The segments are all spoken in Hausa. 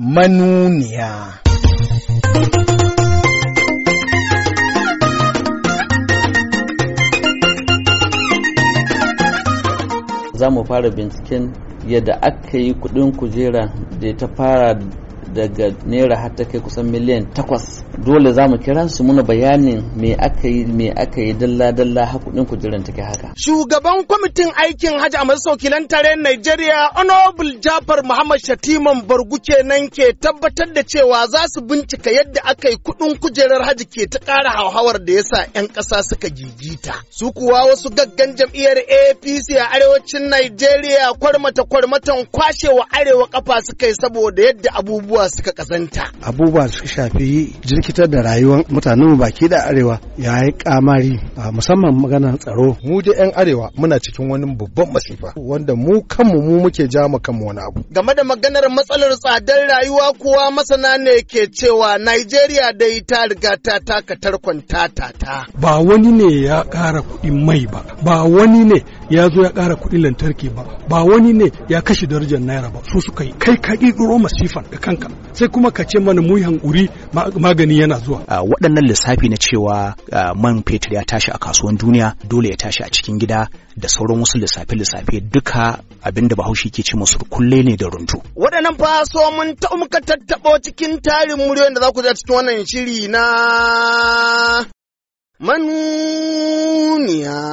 manuniya. Za mu fara binciken yadda aka yi kudin kujera da ta fara daga naira har ta kai kusan miliyan takwas dole za mu kira su muna bayanin me aka yi me aka yi dalla dalla hakudin kujeran take haka shugaban kwamitin aikin hajji a masaukilan tare Najeriya honorable Jafar Muhammad Shatiman Bargu kenan ke tabbatar da cewa za su bincika yadda aka yi kudin kujerar hajji ke ta kara hauhawar da yasa 'yan ƙasa suka gigita su kuwa wasu gaggan jam'iyyar APC a arewacin Najeriya kwarmata kwarmatan kwashewa arewa kafa suka yi saboda yadda abubuwa suka kazanta abubuwa suka shafi jirkitar da rayuwar mutanen baki da arewa ya yi kamari musamman maganar tsaro mu da yan arewa muna cikin wani babban masifa wanda mu kanmu mu muke ja mu kanmu wani abu game da maganar matsalar tsadar rayuwa kuwa masana ne ke cewa Najeriya da ta riga ta taka tarkon ta ta. ba wani ne ya ƙara kuɗin mai ba ba wani ne ya zo ya ƙara kuɗin lantarki ba ba wani ne ya kashe darajar naira ba su suka yi kai ka ƙirƙiro masifan da kanka sai kuma ka ce mana mu hankuri magani yana zuwa waɗannan lissafi na cewa man fetur ya tashi a kasuwan duniya dole ya tashi a cikin gida da sauran wasu lissafi lissafi duka abin da bahaushe ke ce masu kulle ne da runtu waɗannan fa so mun ta umka tattabo cikin tarin muryoyin da za ku cikin wannan shiri na manuniya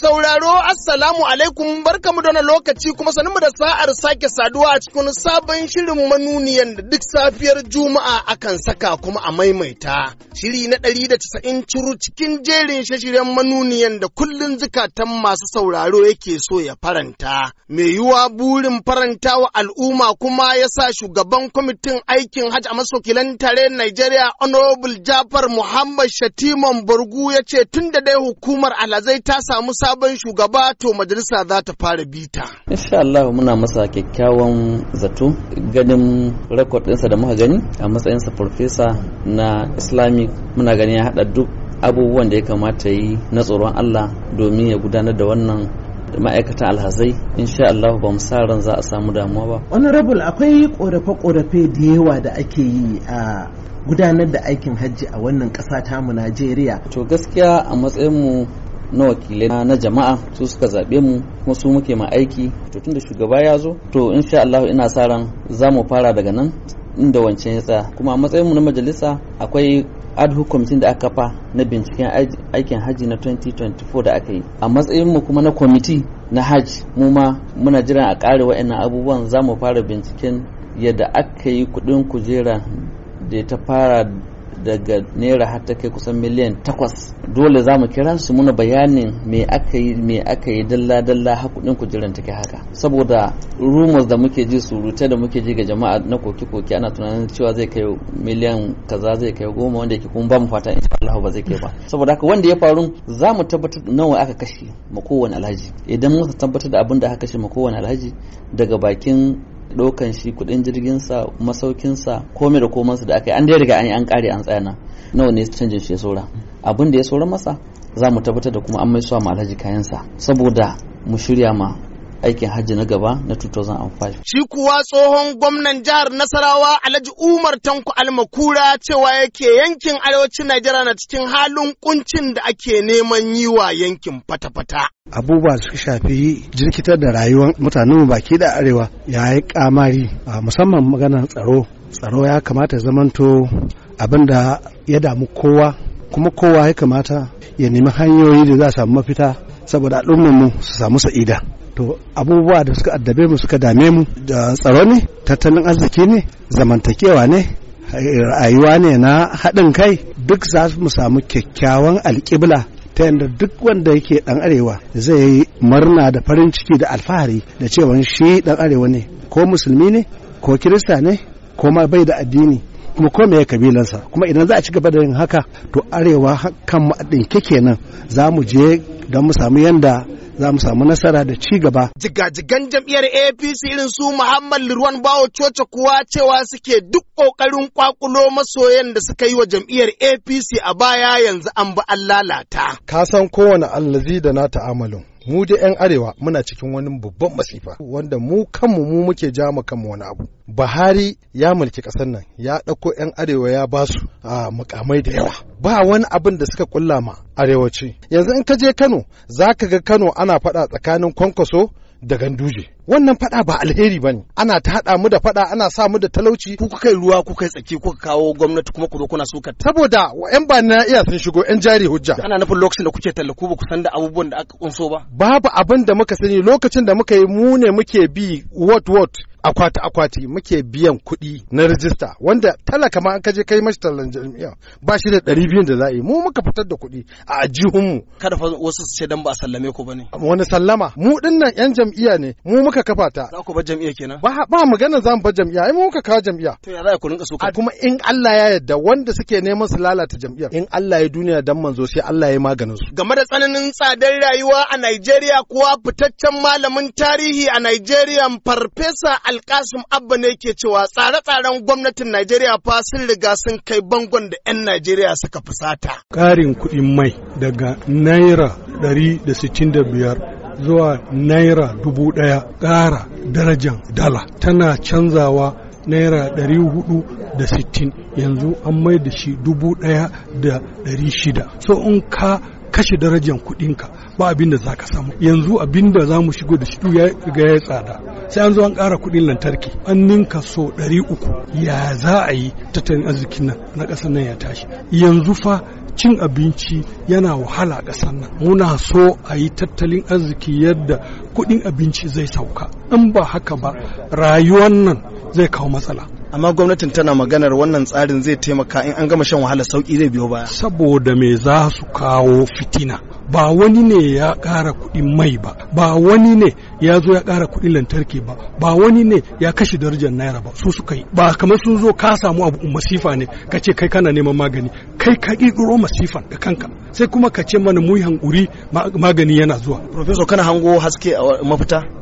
so sauraro assalamu alaikum barkamu da lokaci kuma sanin da sa'ar sake saduwa a cikin sabon shirin manuniyan da duk safiyar juma'a akan saka kuma a maimaita shiri na ɗari da casa'in curu cikin jerin shashiren manuniyan da kullun zukatan masu sauraro yake so ya faranta Me yuwa burin faranta wa al'umma kuma ya sa shugaban kwamitin aikin hajji a maso tare Najeriya honorable Jafar Muhammad Shatiman Burgu ya ce tun dai hukumar alazai ta samu sabon zaben shugaba to majalisa za ta fara bita. Insha Allah muna masa kyakkyawan zato ganin rekod ɗinsa da muka gani a matsayinsa farfesa na Islamic muna ganin ya haɗa duk abubuwan da ya kamata yi na tsoron Allah domin ya gudanar da wannan ma'aikatan alhazai insha Allah ba mu sa ran za a samu damuwa ba. Honorable akwai korafe-korafe da yawa da ake yi a gudanar da aikin hajji a wannan ƙasa mu Najeriya. To gaskiya a matsayin mu na wakilai na jama'a su suka zaɓe mu kuma su muke ma aiki to tun da shugaba ya zo to insha Allah ina sa ran za mu fara daga nan inda wancan ya tsaya kuma a matsayin mu na majalisa akwai ad hoc committee da aka kafa na binciken aikin haji na 2024 da aka yi a matsayin mu kuma na kwamiti na haji mu ma muna jiran a ƙare wa'annan abubuwan za mu fara binciken yadda aka yi kuɗin kujera da ta fara daga naira har ta kai kusan miliyan takwas dole za mu kira su muna bayanin me aka yi me aka yi dalla dalla hakudin kujeran take haka saboda rumors da muke ji surutai da muke ji ga jama'a na koki koki ana tunanin cewa zai kai miliyan kaza zai kai goma wanda yake kuma ba mu fata insha Allah ba zai kai ba saboda haka wanda ya faru za mu tabbatar nawa aka kashe ma kowane alhaji idan muka tabbatar da abin da aka kashe ma kowane alhaji daga bakin ɗaukan shi kuɗin jirginsa masaukinsa komai da komansa da aka yi an dai riga an yi an ƙare an tsaya nawa ne canjin shi ya saura abin da ya saura masa za mu tabbatar da kuma an mai suwa ma alhaji kayansa saboda mu shirya ma aikin hajji na gaba na 2005. Shi kuwa tsohon gwamnan jihar Nasarawa Alhaji Umar Tanko Almakura cewa yake yankin arewacin Najeriya na cikin halin kuncin da ake neman yi wa yankin fata-fata. Abubuwa suka shafi jirkitar da rayuwar mutanenmu baki da arewa ya yi kamari musamman maganar tsaro. Tsaro ya kamata ya zamanto abin da ya damu kowa kuma kowa ya kamata ya nemi hanyoyi da za a samu mafita saboda al'ummar mu su samu sa'ida to abubuwa da suka addabe mu suka dame mu da tsaro ne tattalin arziki ne zamantakewa ne rayuwa ne na haɗin kai duk za mu samu kyakkyawan alƙibla ta yadda duk wanda yake ɗan arewa zai yi murna da farin ciki da alfahari da cewa shi ɗan arewa ne ko musulmi ne ko kirista ne ko ma bai da addini kuma ko meye kabilansa kuma idan za a ci gaba da yin haka to arewa kan mu ɗinke kenan za mu je don mu samu yanda za mu samu nasara da ci gaba. Jigajigan jam'iyyar APC irin su Muhammad Lirwan Bawo coci kuwa cewa suke duk ƙoƙarin kwakulo masoyan da suka yi wa jam'iyyar APC a baya yanzu an bi an lalata. Ka san kowane allazi da na ta'amalin. mu da 'yan arewa muna cikin wani babban masifa wanda mu kanmu mu muke ja mu kanmu wani abu buhari ya mulki ƙasar nan ya ɗauko 'yan arewa ya ba su a mukamai da yawa ba wani abin da suka kulla ma arewaci yanzu in ka je kano za ka ga kano ana faɗa tsakanin kwankwaso da ganduje wannan fada ba alheri ba ne ana ta haɗa mu da fada ana sa mu da talauci ku kai ruwa ku kai tsaki kuka kawo gwamnati kuma ku zo kuna suka saboda ƴan ba na iya sun shigo ƴan jari hujja ana nufin lokacin da kuke tallaku ba ku san da abubuwan da aka kunso ba babu abin da muka sani lokacin da muka yi mu ne muke bi what what akwati akwati muke biyan kuɗi na rijista wanda talaka ma an kaje kai mashi tallan jami'a ba shi da ɗari biyun da za a yi mu muka fitar da kuɗi a mu. kada fa wasu su ce dan ba sallame ku ba ne. wani sallama mu dinnan yan jam'iyya ne mu muka kafa ta. za ku bar jam'iyya kenan. ba ba magana za mu bar jam'iyya ai mu muka kawo jam'iyya. to ya za ku rinka suka kuma in Allah ya yarda wanda suke neman su lalata jam'iyyar in Allah ya duniya dan manzo sai Allah ya maganin su. game da tsananin tsadar rayuwa a Najeriya kuwa fitaccen malamin tarihi a Nigeria farfesa Alkasim Abba ne ke cewa tsare-tsaren gwamnatin Najeriya fa sun riga sun kai bangon da 'yan Najeriya suka fusata. Ƙarin kuɗin mai daga Naira biyar zuwa naira dubu ɗaya ƙara darajan dala tana canzawa naira ɗari hudu da sittin yanzu an mai da shi dubu ɗaya da ɗari shida so in ka kashe darajan kuɗinka ba abin da za ka samu yanzu abin da za mu shigo da shi ya riga ya tsada sai an zo an ƙara kuɗin lantarki an ninka so ɗari uku ya za a yi tattalin arzikin nan na ƙasar nan ya tashi yanzu fa cin abinci yana wahala a ƙasar nan muna so a yi tattalin arziki yadda kuɗin abinci zai sauka in ba haka ba rayuwar nan zai kawo matsala amma gwamnatin tana maganar wannan tsarin zai taimaka in an gama shan wahala sauki zai biyo baya saboda me za su kawo fitina ba wani ne ya ƙara kuɗin mai ba ba wani ne ya zo ya ƙara kuɗin lantarki ba ba wani ne ya kashe darajar naira ba su suka yi ba kamar sun zo ka samu abu masifa ne ka ce kai kana neman magani kai ka ƙirƙiro masifan da kanka sai kuma ka ce mana mu yi hankuri magani yana zuwa professor kana hango haske a mafita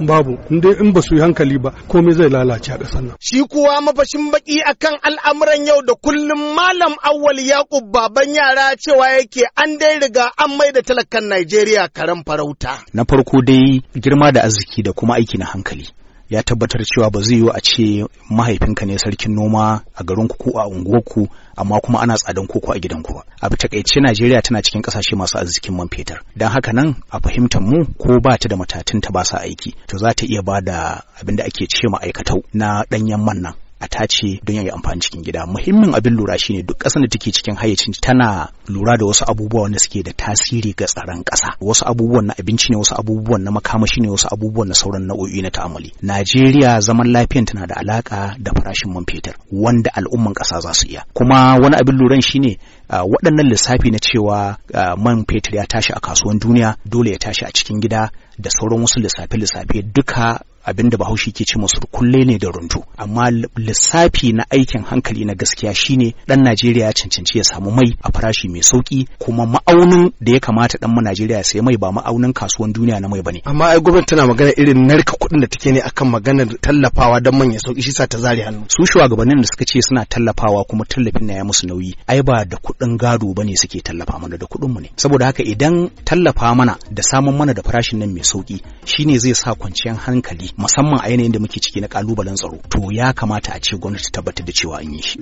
babu inda in ba su yi hankali ba komai zai lalace a ƙasar nan. Shi kuwa mafashin baki akan al'amuran yau da kullum Malam Awwal Yakub baban yara cewa yake an dai riga an mai da talakan Najeriya karen farauta. Na farko dai girma da arziki da kuma aiki na hankali. ya tabbatar cewa ba zai yiwu a ce mahaifinka ne sarkin noma a garinku ko a unguwarku amma kuma ana tsadan koko a gidanku ba a takaice Najeriya tana cikin kasashe masu arzikin man fetur dan haka nan a fahimtar mu ko ba ta da matatun ta ba sa aiki to za ta iya ba da abin da ake ce ma'aikatau na danyen man nan a tace don ya yi amfani cikin gida muhimmin abin lura shine duk ƙasar da take cikin hayyacin tana lura da wasu abubuwa wanda suke da tasiri ga tsaron ƙasa wasu abubuwan na abinci ne wasu abubuwan na makamashi ne wasu abubuwan na sauran nau'o'i na ta'amuli Najeriya zaman lafiyan tana da alaka da farashin man fetur wanda al'umman ƙasa za su iya kuma wani abin luran shine ah, waɗannan lissafi na cewa ah, man fetur ya tashi a kasuwan duniya dole ya tashi a cikin gida da sauran wasu lissafe-lissafe duka abinda bahaushe ke ce masu kulle ne da runtu amma lissafi na aikin hankali na gaskiya shine dan Najeriya ya cancanci ya samu mai a farashi mai sauki kuma ma'aunin da ya kamata dan mu Najeriya ya sayi mai ba ma'aunin kasuwan duniya na mai bane amma ai gwamnati tana magana irin narka kuɗin da take ne akan maganar tallafawa dan manya sauki shi sa ta zari hannu su shugabannin da suka ce suna tallafawa kuma tallafin na ya musu nauyi ai ba da kuɗin gado bane suke tallafa mana da kuɗin mu ne saboda haka idan tallafa mana da samun mana da farashin nan mai sauki shine zai sa kwanciyar hankali musamman a yanayin da muke ciki na kalubalen tsaro to ya kamata a ce gwamnati tabbatar da cewa an yi shi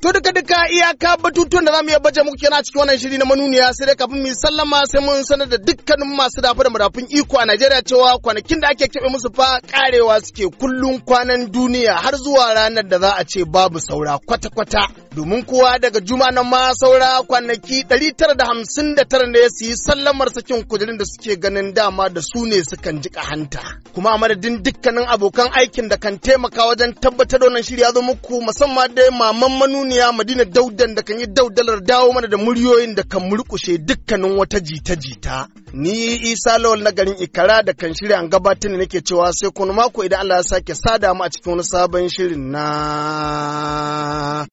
To duka duka iyaka batutuwan da zamu iya baje muku kenan a cikin wannan shiri na manuniya sai dai kafin mu sallama sai mun sanar da dukkanin masu dafa da madafin iko a Najeriya cewa kwanakin da ake kebe musu fa karewa suke kullun kwanan duniya har zuwa ranar da za a ce babu saura kwata-kwata. Domin kowa daga juma na ma saura kwanaki 959 ne su yi sallamar sakin kujerin da suke ganin dama da su ne sukan jika hanta. Kuma a madadin dukkanin abokan aikin da kan taimaka wajen tabbatar da wannan shiri ya zo muku musamman dai maman manuniya sarauniya madina daudan da kan yi daudalar dawo mana da muryoyin da kan murkushe dukkanin wata jita-jita. Ni Isa Lawal na garin Ikara da kan shirya an gabatar da nake cewa sai kuma mako idan Allah ya sake sada mu a cikin wani sabon shirin na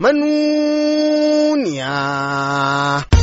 manuniya.